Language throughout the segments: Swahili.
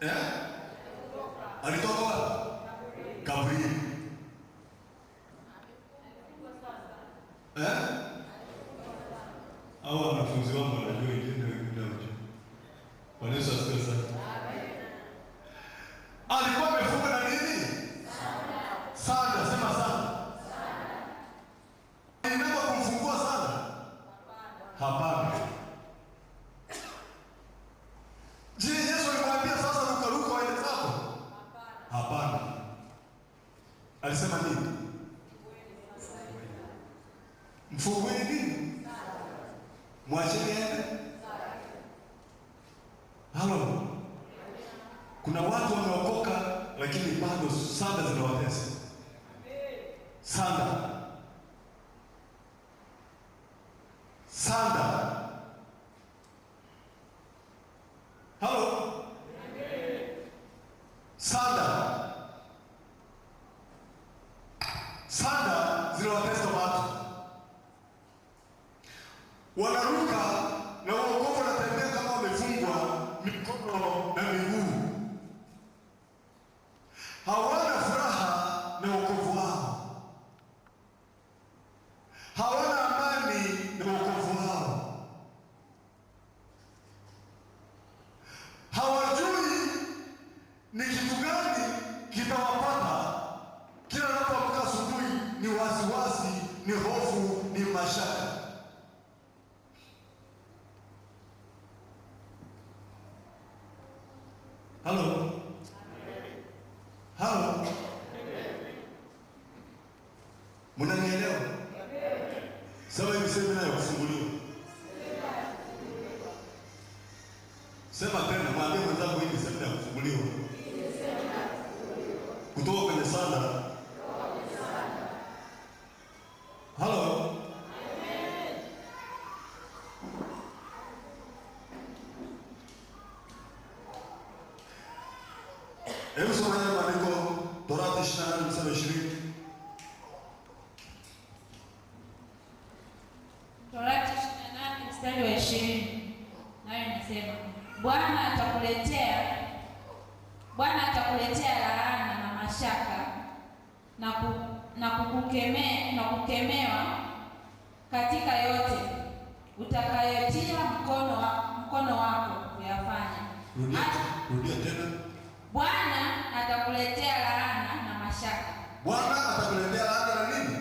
Yeah. Mfuko wenu nini? Mwacheni aende. Halo. Kuna watu wameokoka lakini bado saba zinawatesa. Sema tena, mwambie mwenzangu hii ni ya kufunguliwa. na kukemewa katika yote utakayotia mkono wa, mkono wako kuyafanya. Rudia tena. Bwana atakuletea laana na mashaka. Bwana atakuletea laana na nini?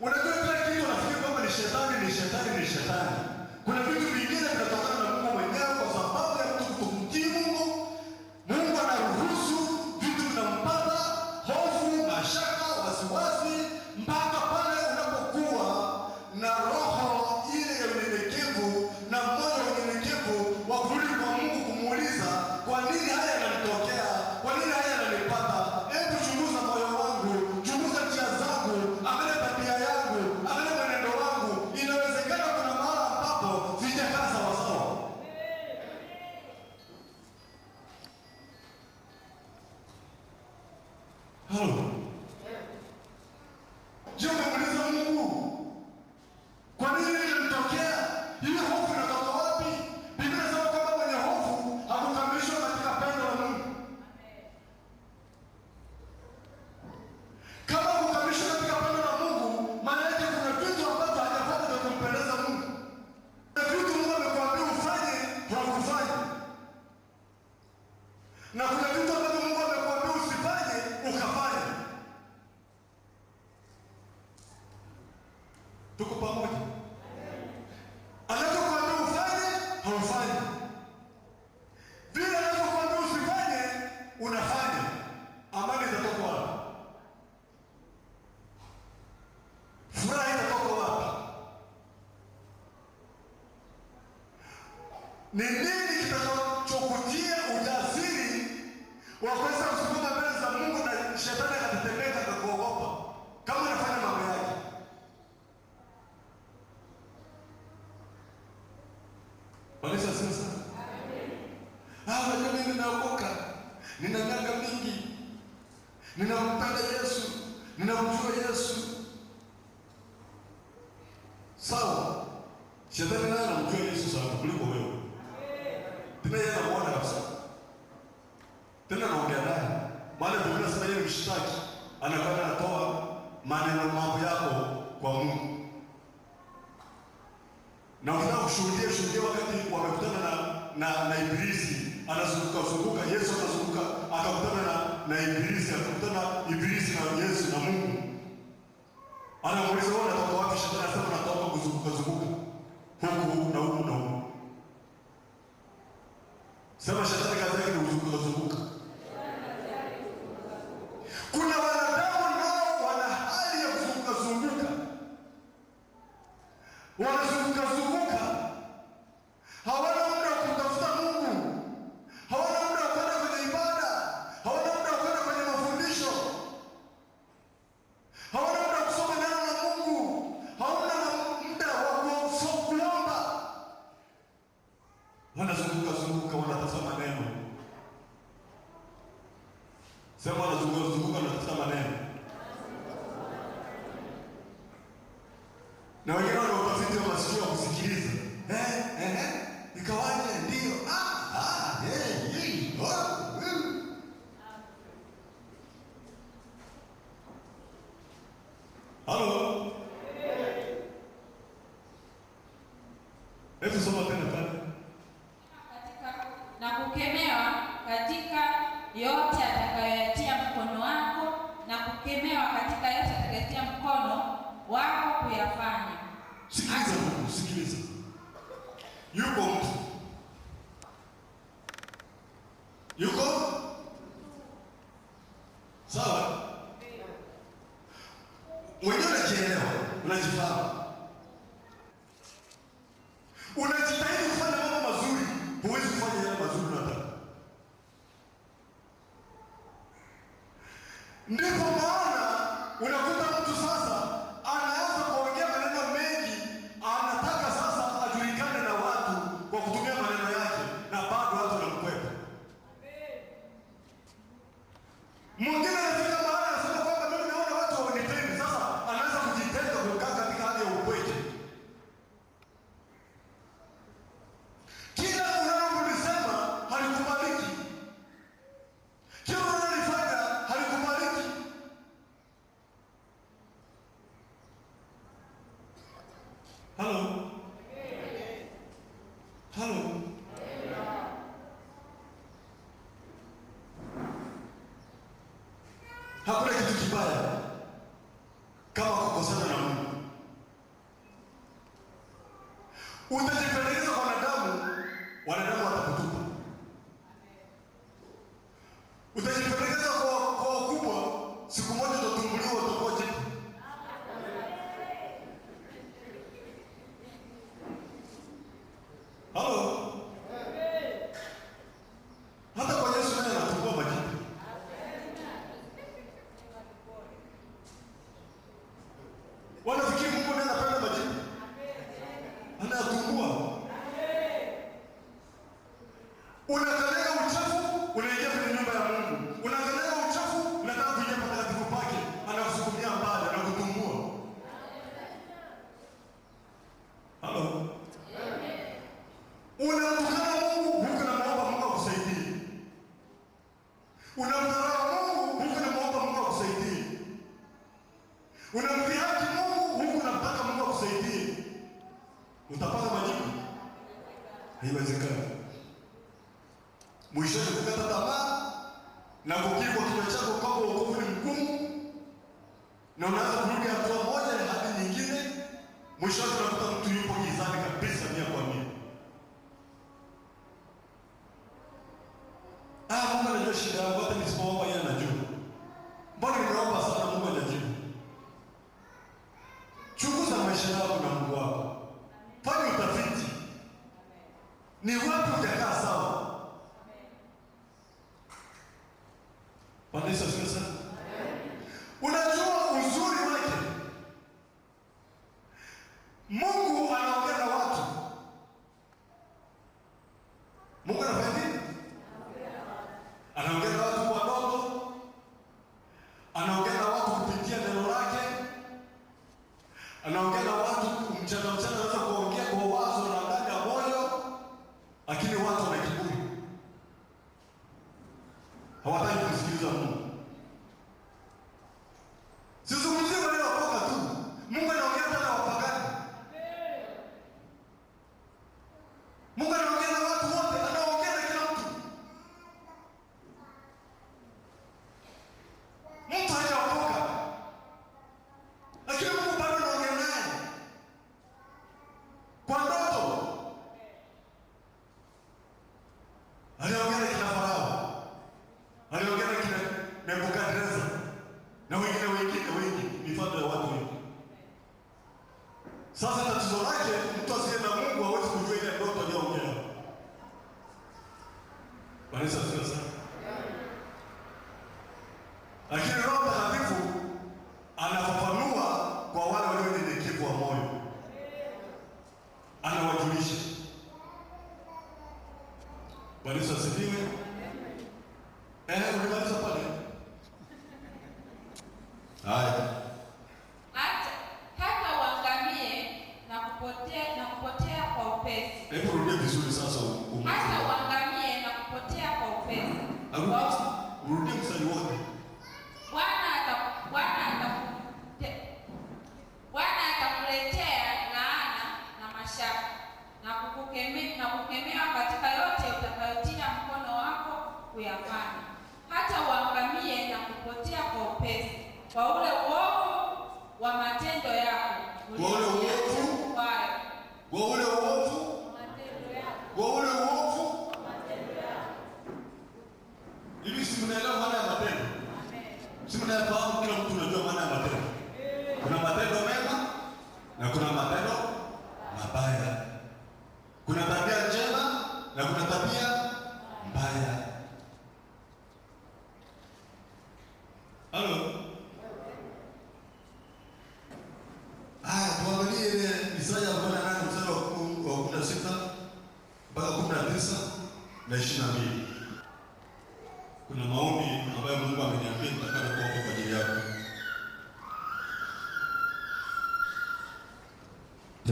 Unajua kila kitu unafikiri kwamba ni shetani, ni shetani, ni shetani. Kuna vitu vingine vinatokana Bwana asifiwe sana. Ah, jamani ninaokoka. Nina miaka mingi. Ninampenda Yesu. Ninamjua Yesu. Sawa. Shetani naye anamjua Yesu sana kuliko wewe. Tena yeye anamuona kabisa. Tena anaongea naye. Maana Biblia inasema yeye ni mshtaki. Anakata Yesu akazunguka akakutana na, na Ibilisi akakutana Ibilisi na Yesu mama katika yote atakayetia mkono wako kuyafanya. Sikiliza, sikiliza. Yuko mtu உறுதி Chegava até Lisboa, Baiana, de na wengine wengine wengi, mifano ya watu wengi. Sasa tatizo lake mtu asiye na Mungu hawezi kujua ile ndoto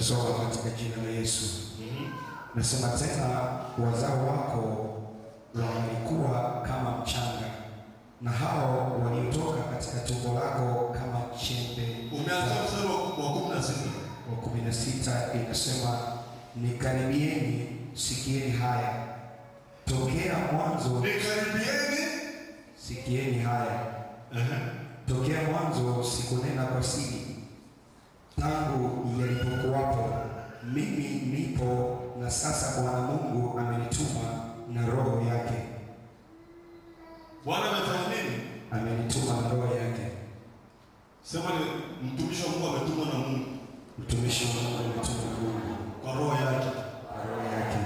Tutasoma katika jina la Yesu. Nasema tena, wazao wako walikuwa kama mchanga na hao waliotoka katika tumbo lako kama chembe. Umeanza mstari wa kumi na sita wa kumi na sita inasema nikaribieni, sikieni haya tokea mwanzo, nikaribieni, sikieni haya tokea mwanzo, sikunena kwa siri tangu yalipokuwapo mimi nipo, na sasa Bwana Mungu amenituma na roho yake. Bwana amefanya nini? Amenituma na roho yake. Sema ni mtumishi wa Mungu ametumwa na Mungu, mtumishi wa Mungu ametumwa na Mungu kwa roho yake, kwa roho yake.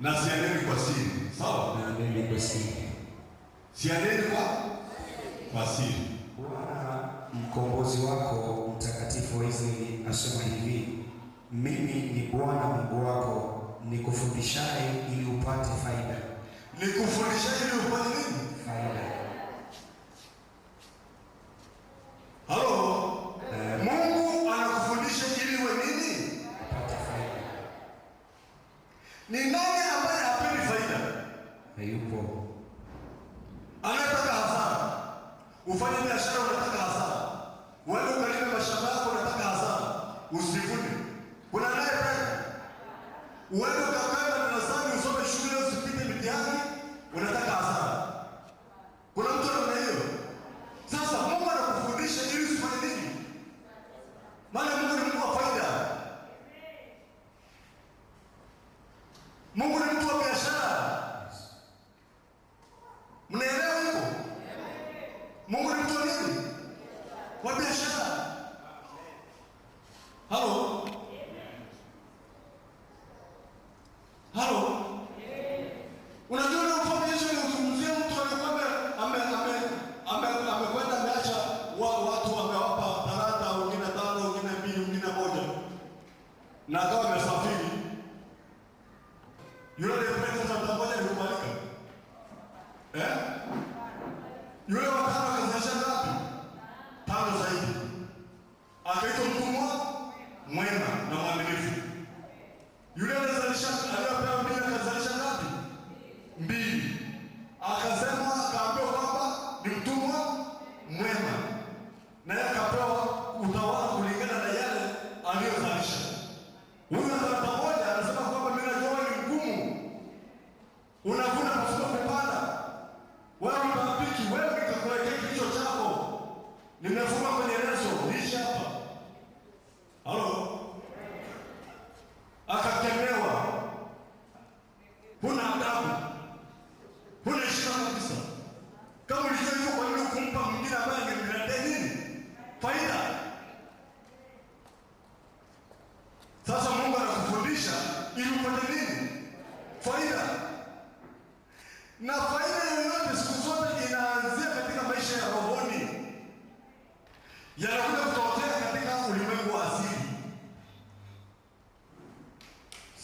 Na sianeni kwa siri, sawa? Na sianeni kwa siri, sianeni kwa kwa siri. Bwana mkombozi wako mtakatifu wa Israeli asema hivi, mimi ni Bwana Mungu wako nikufundishaye ili upate faida, nikufundishaye ili upate faida usivune. Kuna anayependa uende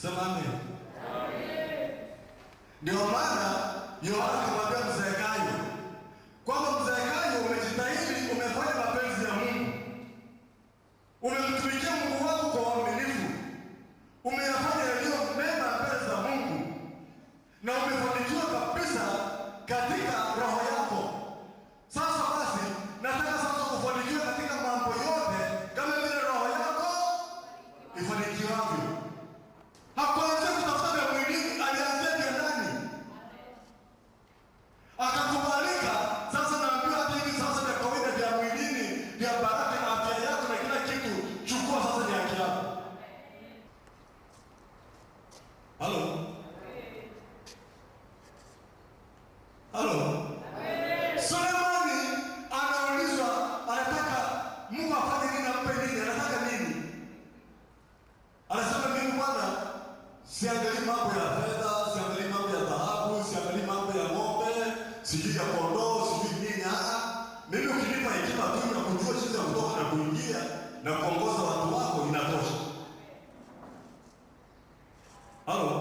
Sema amen. Ndio maana ಅವರು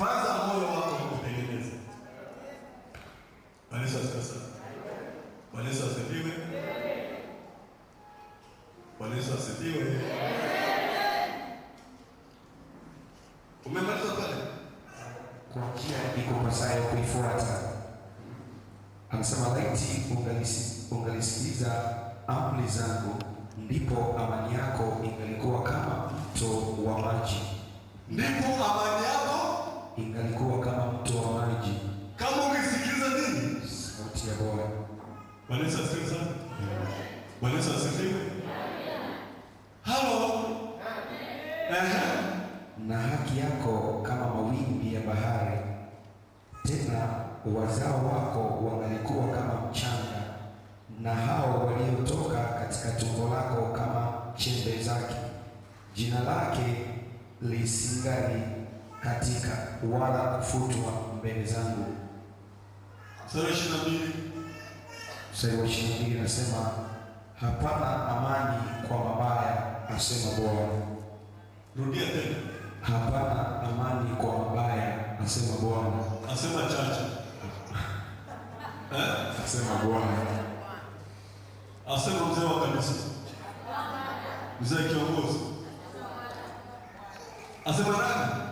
Kwanza moyo wako kutengeneza. Bwana Yesu asifiwe. Bwana Yesu asifiwe. Bwana Yesu asifiwe. Umemaliza pale? Kwa njia ikupasayo kuifuata. Anasema laiti ungalisikiza amri zangu, ndipo amani yako ingalikuwa kama mto wa maji. Ndipo amani yako ingalikuwa kama mto wa maji, kama ungesikiliza nini? Sauti ya Bwana. Bwana Yesu asifiwe. Bwana Yesu asifiwe. Halo. Na haki yako kama mawimbi ya bahari, tena wazao wako wangalikuwa kama mchanga, na hao waliotoka katika tumbo lako kama chembe zake, jina lake lisingali katika wala kufutwa mbele zangu. Mstari wa ishirini na mbili nasema hapana amani kwa mabaya, asema Bwana. Rudia tena, hapana amani kwa mabaya, asema Bwana. Asema chacha eh? Asema Bwana, asema mzee wa kanisa, mzee kiongozi, asema nani?